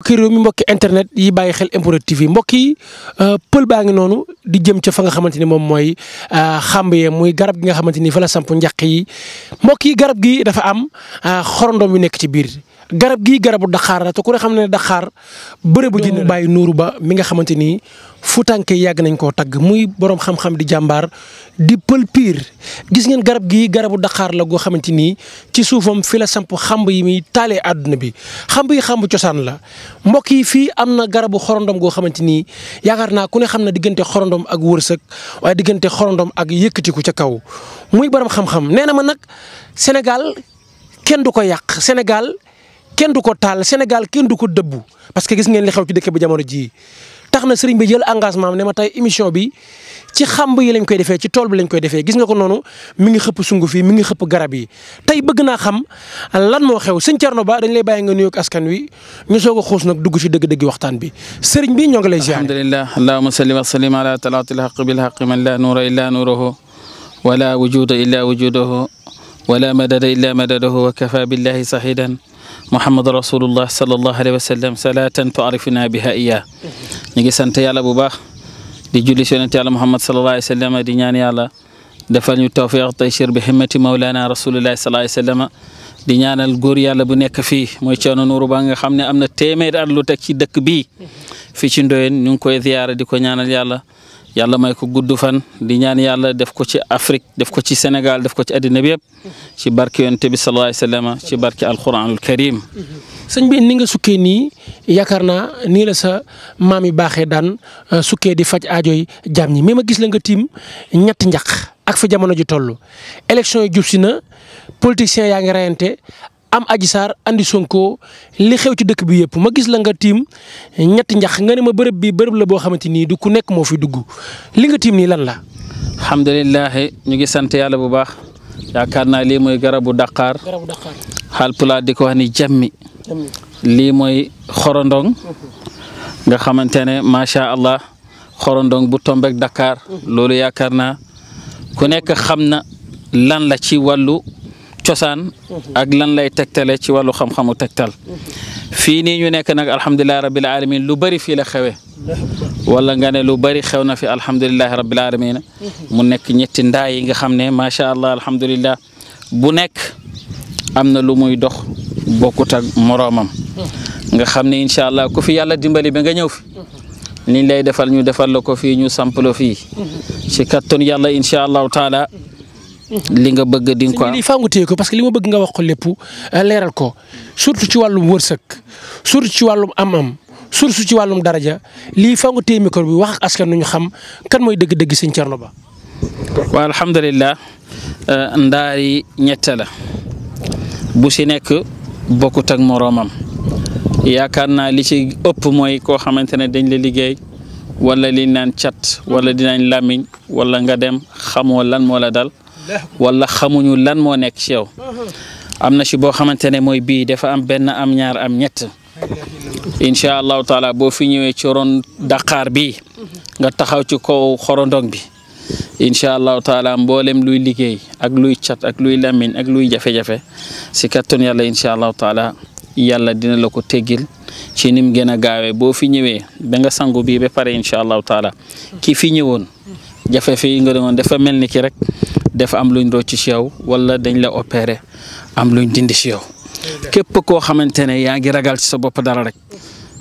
mbokki réew mi mbokki internet yi bàyyi xel MPROD TV mbokk yi euh, pël baa ngi noonu di jëm ca fa nga xamante ni moom mooy euh, xàmb yee muy garab gi nga xamante ni fa la samp njaq yi mbokk yi garab gi dafa am euh, xorondom yu nekk ci biir garab gii garabu daxaar la te ku ne xam ne daxaar bëre bu ne bàyyi nuuru ba mi nga xamante ni futanke yàgg nañ koo tagg muy borom xam-xam di jàmbaar di pël piir gis ngeen garab gi garabu daxaar la goo xamante ni ci suufam fi la samp xamb yi muy taalee àdduna bi xamb yi xamb cosaan la mbokk yi fii am na garabu xorondom goo xamante ni yaakaar naa ku ne xam ne diggante xorondom ak wërsëg waaye diggante xorondom ak yëkkatiku ca kaw muy borom xam-xam na ma nag Sénégal kenn du ko yàq Sénégal kenn du ko taal senegal kenn du ko dëbbu parce que gis ngeen li xew ci dëkk bi jamono ji tax na sëriñ bi jël engagement ne ma tey émission bi ci xamb yi lañ koy defee ci tool bi lañ koy defee gis nga ko noonu mi ngi xëpp sunguf yi mi ngi xëpp garab yi tey bëgg naa xam lan moo xew sëñ Thierno Ba dañ lay bàyyi nga nuyoog askan wi ñu soog a xuus nag dugg ci dëgg-dëgg waxtaan bi sëriñ bi ñoo ngi lay ziar alhamdulillah allahumma salli wa sallim ala talaatil haqq bil haqq man la nuura illa nuuruhu wala wujuda illa wujuduhu wala madada illa madadahu wa kafa billahi sahidan muhammad rasulullah sallallahu alayhi wa sallam salaatan tuarifuna biha iya ñu ngi sant yàlla bu baax di julli si yonent yàlla muhammad sallallahu alayhi di ñaan yàlla defal ñu tawfiq taysir bi himmati mawlana rasulillahi sallallahu alayhi di ñaanal góor yàlla bu nekk fii mooy Thierno Nourou Ba nga xam ne am na téeméeri at lu teg ci dëkk bii fii ci Ndoyeen koy ziyaara di ko ñaanal yàlla yàlla may ko gudd fan di ñaan yàlla def ko ci Afrique def ko ci Sénégal def ko ci àddina bi yëpp ci barke yonent bi sallallahu alayhi wasallam ci barke alquranul karim sëñ bi ni nga sukkee nii yaakaar naa ni la sa maam yi baaxee daan euh, sukkee di faj aajo yi jaam ñi mais ma gis la nga tiim ñetti njaq ak fa jamono ji toll élection yi jub si na yaa ngi rayante am Adji Sarr andi Sonko li xew ci dëkk bi yëpp ma gis la tiim ñetti njax nga ne ma bërëb bi bërëb la boo xamante ni du ku nekk moo fi dugg li nga tiim nii lan la. alhamdulilah ñu ngi sant yàlla bu baax yaakaar naa lii mooy garabu Dakar. garabu Dakar xaal pulaar di ko wax ni jàmmi. lii mooy xorondong. Mhm. nga xamante ne macha allah xorondong bu tombek Dakar. Mhm. loolu yaakaar naa ku xam na lan la ci wàllu. cosaan ak lan lay tegtale ci wàllu xam-xamu tegtal fii nii ñu nekk nag alhamdulilahi rabbil alamin lu bari fii la xewe wala nga ne lu bari xew na fi alhamdulilahi rabbil alamin mu nekk ñetti ndaa yi nga xam ne macha allah alhamdulilah bu nekk am na lu muy dox bokkut ak moroomam nga xam ne incha allah ku fi yàlla dimbali ba nga ñëw fi liñ lay defal ñu defal la ko fii ñu samplo fii ci kattan yàlla incha allahu taala li nga bëgg di nga ko am lii faa nga téye ko parce ko lépp euh, leeral ko surtout ci wàllum wërsëg surtout ci wàllum am-am surtout ci wàllum daraja lii faa nga téye micro wax askan nu ñu xam kan mooy dëgg-dëgg sëñ Thierno Ba. waaw alhamdulilah euh, ndaari ñette la bu si nekk bokkut ak moroomam yaakaar naa li ci ëpp mooy koo xamante ne dañ la liggéey. wala liñ naan cat wala dinañ làmmiñ walla nga dem xamoo lan moo la dal wala xamuñu lan moo nekk ci am na ci boo xamante ne mooy bii dafa am benn am ñaar am ñett incha allahu taala boo fi ñëwee ci ron Dakar bi nga taxaw ci kaw xorondong bi incha allahu taala mboolem luy liggéey ak luy cat ak luy lamin ak luy jafe-jafe si kattan yàlla incha allahu taala yàlla dina la ko teggil ci nim gën a gaawee boo fi ñëwee ba nga sangu bii ba pare incha allahu taala ki fi ñëwoon jafe fi nga doon dafa mel ni ki rek dafa am luñ rocc ci yow wala dañ la opéré am luñ dindi ci yow képp koo xamante ne yaa ngi ragal ci sa bopp dara rek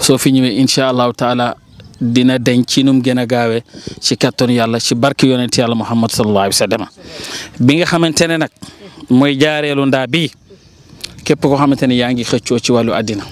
soo fi ñëwee incha allahu taala dina deñ ci num gën a gaawee ci kattanu yàlla ci barke yonent yàlla muhammad sallallahu alayhi wa sallam bi nga xamante ne nag mooy jaareelu ndaa bii képp koo xamante ne yaa ngi xëccoo ci wàllu àddina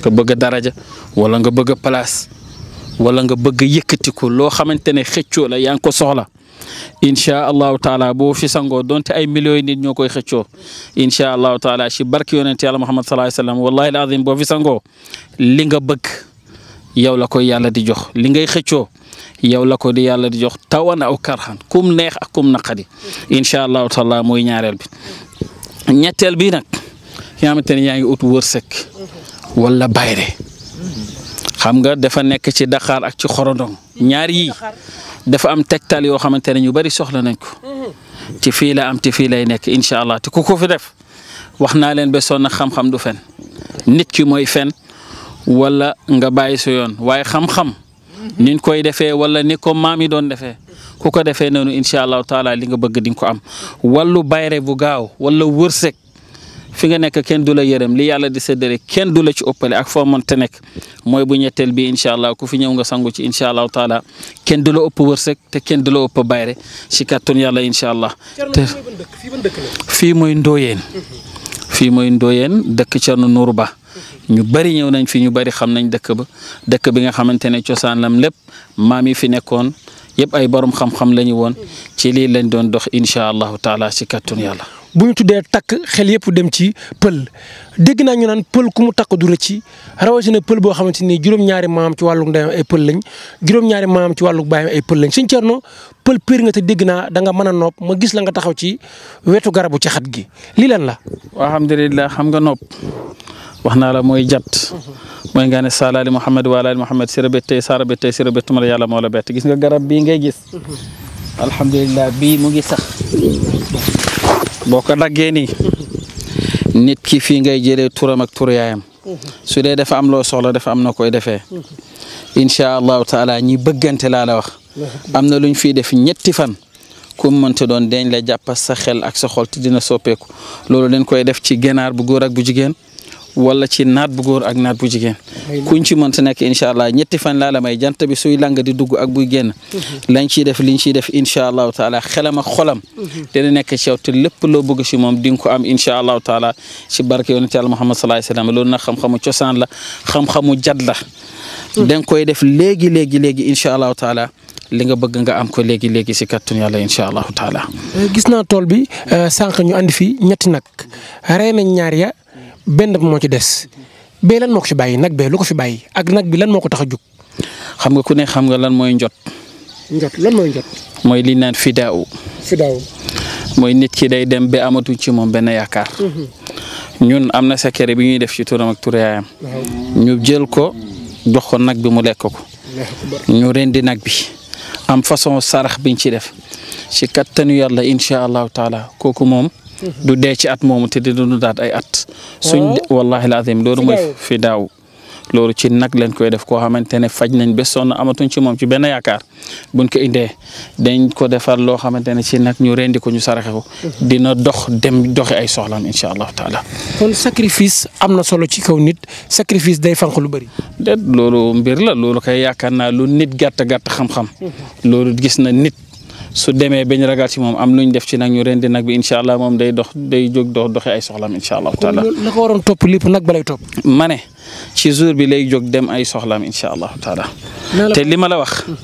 nga bëgg a daraja wala nga bëgg place wala nga bëgg yëkkati ko loo xamante ne xëccoo la yaa ko soxla incha allahu taala boo fi sangoo donte ay millions yi nit ñoo koy xëccoo incha allahu taala si barke yonent yàlla Muhammad sallallahu alayhi li nga bëgg yow la koy yàlla di jox li ngay xëccoo yow la ko di yàlla di jox tawan aw karxan kum neex ak kum naqadi incha allahu taala mooy ñaareel bi ñetteel bi nag ki nga xamante ne yaa ngi ut wërsëg bayre xam nga dafa nekk ci daqaar ak ci xorondong ñaar yii dafa am tegtal yoo xamante ne ñu bari soxla nañ ko mm-hmm. ci fii la am te fii lay nekk incha allah te ku ko fi def wax naa leen ba sonn xam-xam du fen nit ki mooy fen wala nga bàyyi sa yoon waaye xam-xam mm-hmm. niñ koy defee wala ni ko maam yi doon defee ku ko defee noonu incha allah taala li nga bëgg di ko am wàllu bayre bu gaaw wala wërsëg fi nga nekk kenn du la yërëm li yàlla di séddale kenn du la ci ëppale ak foo mënte nekk mooy bu ñetteel bi incha allah ku fi ñëw nga sangu ci incha allah taala kenn du la ëpp wërsëg te kenn du la ëpp bayre si kàttun yàlla incha allah. te fii mooy Ndoyeen. fii mooy Ndoyeen dëkk Cerno Nuuru Ba ñu bëri ñëw nañ fi ñu bëri xam nañ dëkk ba dëkk bi nga xamante ne cosaan lam lépp maam yi fi nekkoon yëpp ay borom xam-xam la woon ci lii lañ doon dox incha allah taala si kàttun yàlla. bu ñu tuddee takk xel yëpp dem ci pël dégg naa ñu naan pël ku mu takk du rëcci rawatina pël boo xamante ni juróom-ñaari maam ci wàllu ndeyam ay pël lañ juróom-ñaari maam ci wàllu baayam ay pël lañ suñ Cerno pël pér nga te dégg naa danga nga mën a ma gis la nga taxaw ci wetu garabu ci xat gi lii la la. alhamdulilah xam nga nopp wax naa la mooy jat mooy nga ne saalaali Muhammad waalaali Muhammad sira bettey saara bettey sira bettu ma la yàlla moo la bett gis nga garab bii ngay gis. alhamdulilah bii mu ngi sax. boo ko daggee nii nit fii ngay jëlee turam ak tur yaayam su dee dafa am loo soxla dafa am na koy defee incha allahu taala ñi bëggante laa la wax am na luñ fiy def ñetti fan ku mënta doon deñ le jàppa sa xel ak sa xol te dina soppeeku loolu dañ koy def ci ganaar bu góor ak bu jigéen wala ci naat bu góor ak naat bu jigéen kuñ ci mënta nekk incha allah ñetti fan laa la may jant bi suy lang di dugg ak buy génn mhm. lañ ciy def liñ ciy def incha allahu taala xelam ak xolam mhm. dina nekk ci lépp loo bëgg si moom di nga ko am incha allahu taala si barke yonent yàlla muhammad sallallahu alayhi wasallam loolu nag xam-xamu cosaan la xam-xamu jat la mhm. danga koy def léegi léegi léegi incha allahu taala li nga bëgg nga am ko léegi léegi si kàttun yàlla incha allahu taala. Euh, gis naa tool bi euh, sànq ñu andi fi ñetti nag benn bi moo ci des bee lan moo ko fi bàyyi nag lu ko fi bàyyi ak nag bi lan moo ko tax a jug. xam nga ku ne xam nga lan mooy njot. njot lan mooy njot. mooy li naan fidaaw. fidaaw. mooy nit ki day dem ba amatu ci moom benn yaakaar. Mhm. ñun am na secret bi ñuy def ci turam ak turaayam. ñu jël ko jox ko nag bi mu lekk ko. ñu rendi nag bi am façon sarax biñ ci def ci kattanu yàlla incha allahu taala kooku moom. du dee ci at moomu te di dundaat ay at. suñ wallahi laazim loolu mooy fi daaw. loolu ci nag leen koy def koo xamante ne faj nañ ba sonn amatuñ ci moom ci benn yaakaar buñ ko indee dañ ko defar loo xamante ne ci nag ñu rendi ko ñu saraxe ko mhm. dina dox dem doxi ay soxlaam incha allahu taala. sacrifice am na solo ci kaw nit sacrifice day fanq lu bëri. loolu mbir la loolu kay yaakaar naa lu nit gàtt gàtt xam-xam. Mhm. loolu gis nit. su demee bañ ragal ci moom am lu ñu def ci nag ñu rendi nag bi incha allah moom day dox day jóg dox doxee ay soxla incha allah taala la ko waroon topp lépp nag ba lay ma ne ci jour bi lay jóg dem ay soxlaam incha allah taala te li ma la wax. Mhm.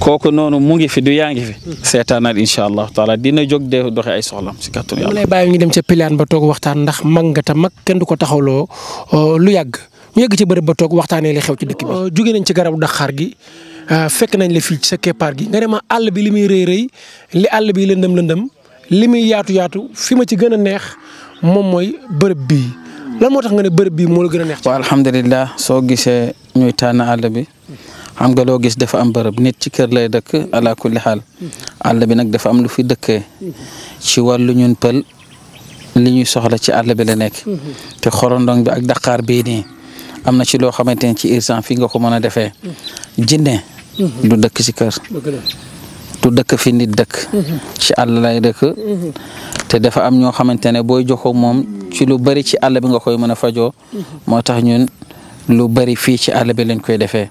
kooku noonu mu ngi fi du yaa ngi fi. Mhm. seetaan seetaanaat incha allah taala dina jog de doxe ay soxlam si kàttanu yàlla. lay bàyyi ñu dem ca pilaan ba toog waxtaan ndax mag nga ta mag kenn du ko taxawloo euh, lu yàgg ñu yàgg ci bërëb ba toog waxtaanee li xew ci dëkk bi. Euh, jóge nañ ci garabu daxaar gi. Euh, fekk nañ la fii ci sa keppaar gi nga ne ma àll bi li muy rëy rëy li àll bi lëndëm lëndëm li muy yaatu yaatu fi ma ci gën a neex moom mooy bërëb bi lan moo tax nga ne bërëb bii moo la gën a neex. waaw alhamdulilah soo gisee ñuy tànn àll bi xam nga loo gis dafa am bërëb nit ci kër lay dëkk ala kulli xaal àll bi nag dafa am lu fi dëkk ci wàllu ñun pël li ñuy soxla ci àll bi la nekk. te xorondong bi ak daqaar bii nii am na ci loo xamante ne ci irsan fi nga ko mën a defee jinne du dëkk ci kër du dëkk fi nit dëkk ci àll lay dëkk te dafa am ñoo xamante ne booy joxoo moom ci lu bari ci àll bi nga koy mën a fajoo moo tax ñun lu bari fii ci àll bi lañ koy defee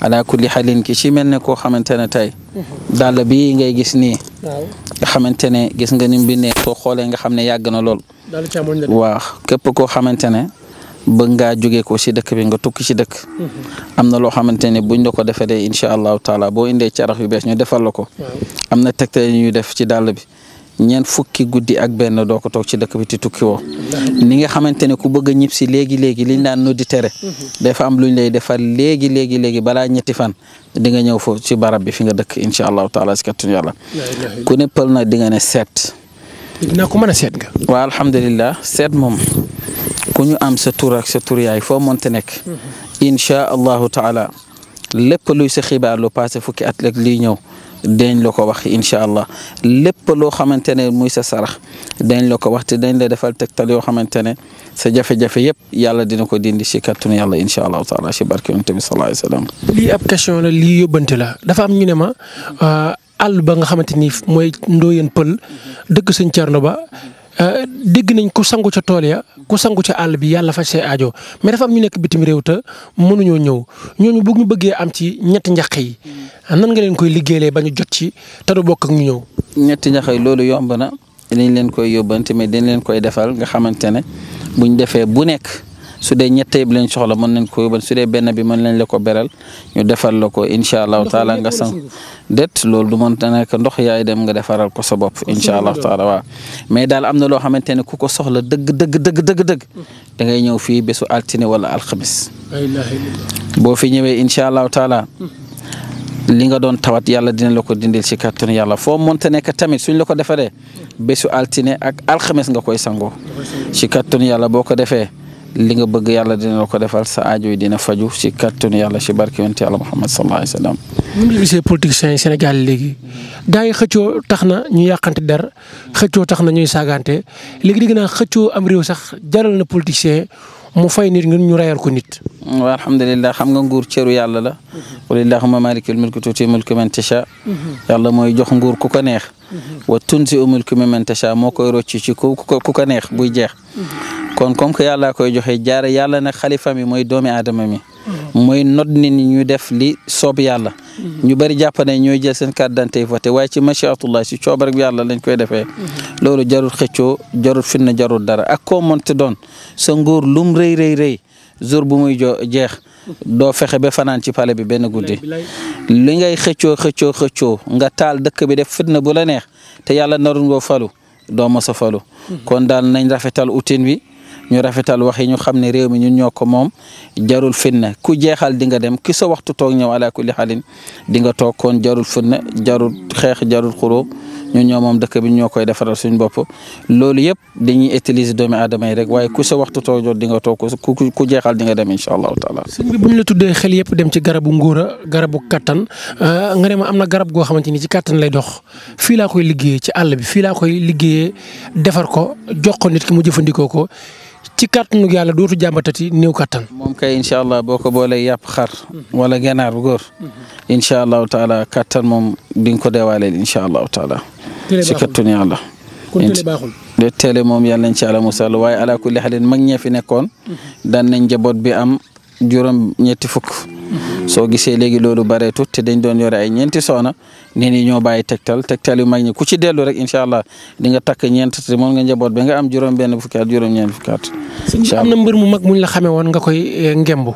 ala kulli xalin ki ci mel ne koo xamante ne tey dàll bi ngay gis ni nga xamante ne gis nga ni mu bindee soo xoolee nga xam ne yàgg na lool waaw képp koo xamante bëgg ngaa jóge ko si dëkk bi nga tukki ci dëkk. Mm-hmm. am na loo xamante ne buñ la ko defaree incha allahu taala boo indee carax yu bees ñu defal la ko. Mm-hmm. am na tegtal yu ñuy def ci dàll bi. ñeent fukki guddi ak benn doo ko toog ci dëkk bi ti tukki woo mm-hmm. ni nga xamante ne ku bëgg a si léegi léegi liñ daan noddi tere dafa am luñ lay defar léegi léegi léegi balaa ñetti fan di nga ñëw foofu ci barab bi fi nga dëkk incha allahu taala si kattun yàlla ku ne pël nag di nga ne seet. dina ko mën seet nga. waaw alhamdulilah seet moom ku ñu am sa tur sa tur foo mënta nekk mm-hmm. incha allahu taala lépp luy sa xibaar lu passé fukki at rek lii ñëw dañ la ko wax incha allah lépp loo xamante ne muy sa sarax dañ la ko wax te dañ la defal tegtal yoo xamante ne sa jafe-jafe yëpp yàlla dina ko dindi si kàttanu yàlla incha allahu taala si barke yonent bi lii ab question la lii yóbbante la dafa am ñu ne ma euh, àll ba nga xamante ni mooy ndooyeen pël mm-hmm. dëkk suñ Cerno ba. Euh, dégg nañ ku sangu ca tool ya ku sangu ca àll bi yàlla fa see aajo mais dafa am ñu nekk bitim réew te mënuñoo ñëw ñooñu bu ñu bëggee am ci ñetti njaq yi hmm. nan nga leen koy liggéeyee ba ñu jot ci te du bokk ak ñu ñëw. ñetti njaq yi loolu yomb na dañ leen koy yóbbante mais dañ leen koy defal nga xamante ne buñ defee bu nekk. su dee ñette bi lañ soxla mën nañ koy yóbbal su dee benn bi mën nañ la ko beral ñu defal la ko incha allahu taala nga sang det loolu du mën ta nekk ndox yaay dem nga defaral ko sa bopp incha allahu taala waaw mais daal am na loo xamante ne ku ko soxla dëgg dëgg dëgg dëgg dëgg mm. da ngay ñëw fii bésu altine wala alxamis boo fi ñëwee incha allahu taala mm. li nga doon tawat yàlla dina la ko dindil si kàttanu yàlla foo mënta nekk tamit suñ la ko defaree mm. bésu altine ak alxames nga koy sangoo ci boo ko defee li nga bëgg yàlla dina la ko defal sa aajo yi dina faju si kàttanu yàlla si barke yonent yàlla Muhammad sallallahu alayhi wa sallam. ñu ngi gisee politiciens yi Sénégal léegi gars yi xëccoo tax na ñu yàqante der xëccoo tax na ñuy saagante léegi dégg naa xëccoo am réew sax jaral na politicien mu fay nit ngeen ñu rayal ko nit. waaw alhamdulilah xam nga nguur cëru yàlla la. qul illahumma maalikal mulki tuuti mulki man tasha. yàlla mooy jox nguur ku ko neex. wa tunzi'u mulki mimman tasha moo koy rocci ci ku ko ku ko neex buy kon comme que yàlla koy joxe jaare yàlla ne xalifa mi mooy doomi aadama mi mooy nodd nit ñi ñu def li soob yàlla mhm. ñu bëri jàpp ne ñooy jël seen carte d'identité voté waaye ci machiatullah si coobar bi yàlla lañ koy defee mhm. loolu jarul xëccoo jarul fitna jarul dara ak koo mënti doon sa nguur lum rëy rëy rëy jour bu muy jo jeex doo fexe ba fanaan ci pale bi benn guddi li ngay xëccoo xëccoo xëccoo nga taal dëkk bi def fitna bu la neex te yàlla narul ngoo falu doo mos falu mhm. kon daal nañ rafetal utin wi ñu rafetal wax yi ñu xam ne réew mi ñun ñoo ko moom jarul fitna ku jeexal di nga dem ki sa waxtu toog ñëw ala kulli xalin di nga toog kon jarul fitna jarul xeex jarul xuroo ñun ñoo moom dëkk bi ñoo koy defaral suñ bopp loolu yëpp dañuy utiliser doomi aadama yi rek waaye ku sa waxtu toog jot di nga toog ku ku jeexal di nga dem incha allahu taala. sëñ bi bu ñu la tuddee xel yëpp dem ci garabu ngóora garabu kattan euh, nga ne ma am na garab goo xamante ni ci kattan lay dox fii laa koy liggéeyee ci àll bi fii laa koy liggéeyee defar ko jox nit ki mu jëfandikoo ko ci kàttanu yàlla dootu jàmbatati néew kàttan. moom kay incha allah boo ko boolee yàpp xar. wala ganaar bu góor. incha allahu taala kàttan moom di nga ko deewaaleel incha allahu taala. ci kàttanu yàlla. kon télé baaxul. de télé moom yàlla nañ ci musal waaye ala kulli xalin mag ñee fi nekkoon. Mhm. daan nañ am. juróom ñetti fukk soo gisee léegi loolu bareetut te dañ doon yore ay ñeenti soxna ne ni ñoo bàyyi tegtal tegtal yu mag ñi ku ci dellu rek incha allah di nga takk ñeent te mën nga njaboot ba nga am juróom benn fukki at juróom ñeent fukki at. incha allah am na mbër mu mag la xamee woon nga koy eh, ngembu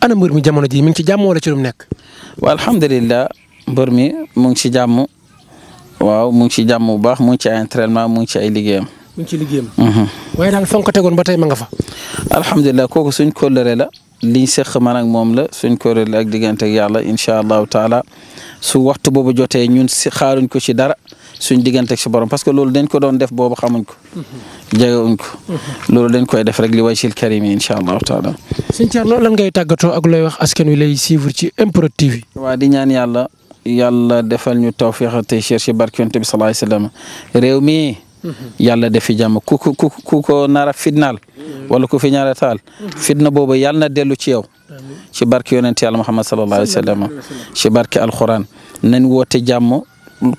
ana mbër mi jamono ji mi ngi ci jàmm ci lu nekk. waaw alhamdulilah mbër mi mu ngi ci jàmm waaw mu ngi ci jàmm bu baax mu ngi ci ay entraînement mu ngi ci ay liggéeyam. ci liggéeyam. Mhm. waaye daal fa ma fa. alhamdulilah kooku suñ kóllëre la liñ seq man ak moom la suñ kuréel la ak diggante ak yàlla incha allahu taala su waxtu boobu jotee ñun si xaaruñ ko ci dara suñ diggante ak si borom parce que loolu dañ ko doon def boobu xamuñ ko. jegewuñ ko. loolu dañ koy def rek li way sil karim yi incha allahu taala. sëñ Thierno lan ngay tàggatoo ak looy wax askan wi lay suivre ci MPROD TV. di ñaan yàlla yàlla defal ñu tawfiq tey cherché barke yonent bi salaay salaam réew mi. yàlla def fi jàmm ku ku ku ko nar a fitnaal wala ku fi ñaara taal fitna boobu yàlla dellu ci ci barke yonent Muhammad sallallahu alayhi wa ci barke alquran nañ woote jàmm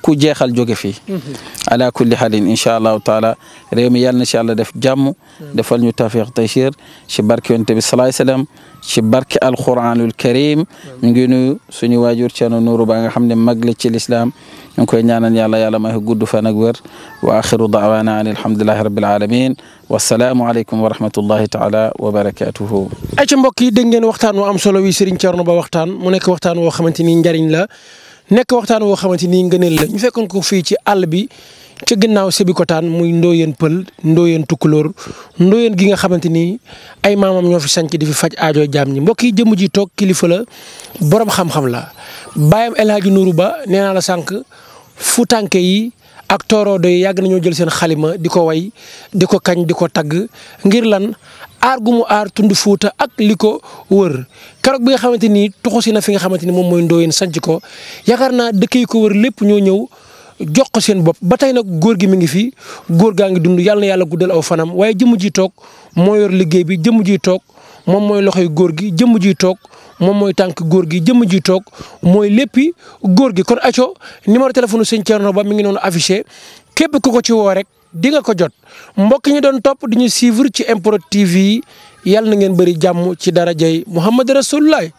ku jeexal jóge fii mhm. ala kulli xaalin incha allahu taala réew mi yàlla na ci yàlla def jàmm mhm. defal ñu tawfiq tachir ci barke yonent bi salaay salaam ci barke alquranul karim mhm. ñu ngi nuyu suñu waajur Ceerno Nuuru Ba nga xam ne mag la ci lislaam ñu ngi koy ñaanal yàlla yàlla may ko gudd fan ak wér wa axiru daawaana an alhamdulillahi rabbil alamin wasalaamu aleykum wa rahmatullahi taala wa barakatuhu ay ca mbokk yi dégg ngeen waxtaan wu am solo wi Serigne Thierno Ba waxtaan mu nekk waxtaan woo xamante ni njariñ la nekk waxtaan woo xamante ni ngëneel la ñu fekkoon ko fii ci àll bi ca ginnaaw Sébikotane muy ndooyeen pël ndooyeen tukkulóor ndooyeen gi nga xamante ni ay maamam ñoo fi sanc di fi faj aajoo jaam ñi mbokk yi jëmm ji toog kilifa la boroom xam-xam la. baayam El Hadj Nourou Ba nee naa la sànq fu tànke yi ak tooroodo yi yàgg nañoo jël seen xalima di ko way di ko kañ di ko tagg ngir lan aar gu mu aar tund fuuta ak li ko wër keroog bi nga xamante ni tuxu si na fi nga xamante ni moom mooy ndooyeen sanc ko yaakaar naa dëkk yi ko wër lépp ñoo ñëw jox ko seen bopp ba tey nag góor gi mi ngi fi góor gaa ngi dund yàlla yàlla guddal aw fanam waaye jëmm ji toog moo yor liggéey bi jëmm ji toog moom mooy loxoy góor gi jëmm ji toog moom mooy tànk góor gi jëmm ji toog mooy léppi góor gi kon aco numéro téléphone sëñ Thierno Ba mi ngi noonu affiché képp ku ko ci woo rek di nga ko jot mbokk ñi doon topp di ñu ci MPROD TV yi yàlla na ngeen bëri jàmm ci darajay Muhammad Rasulullah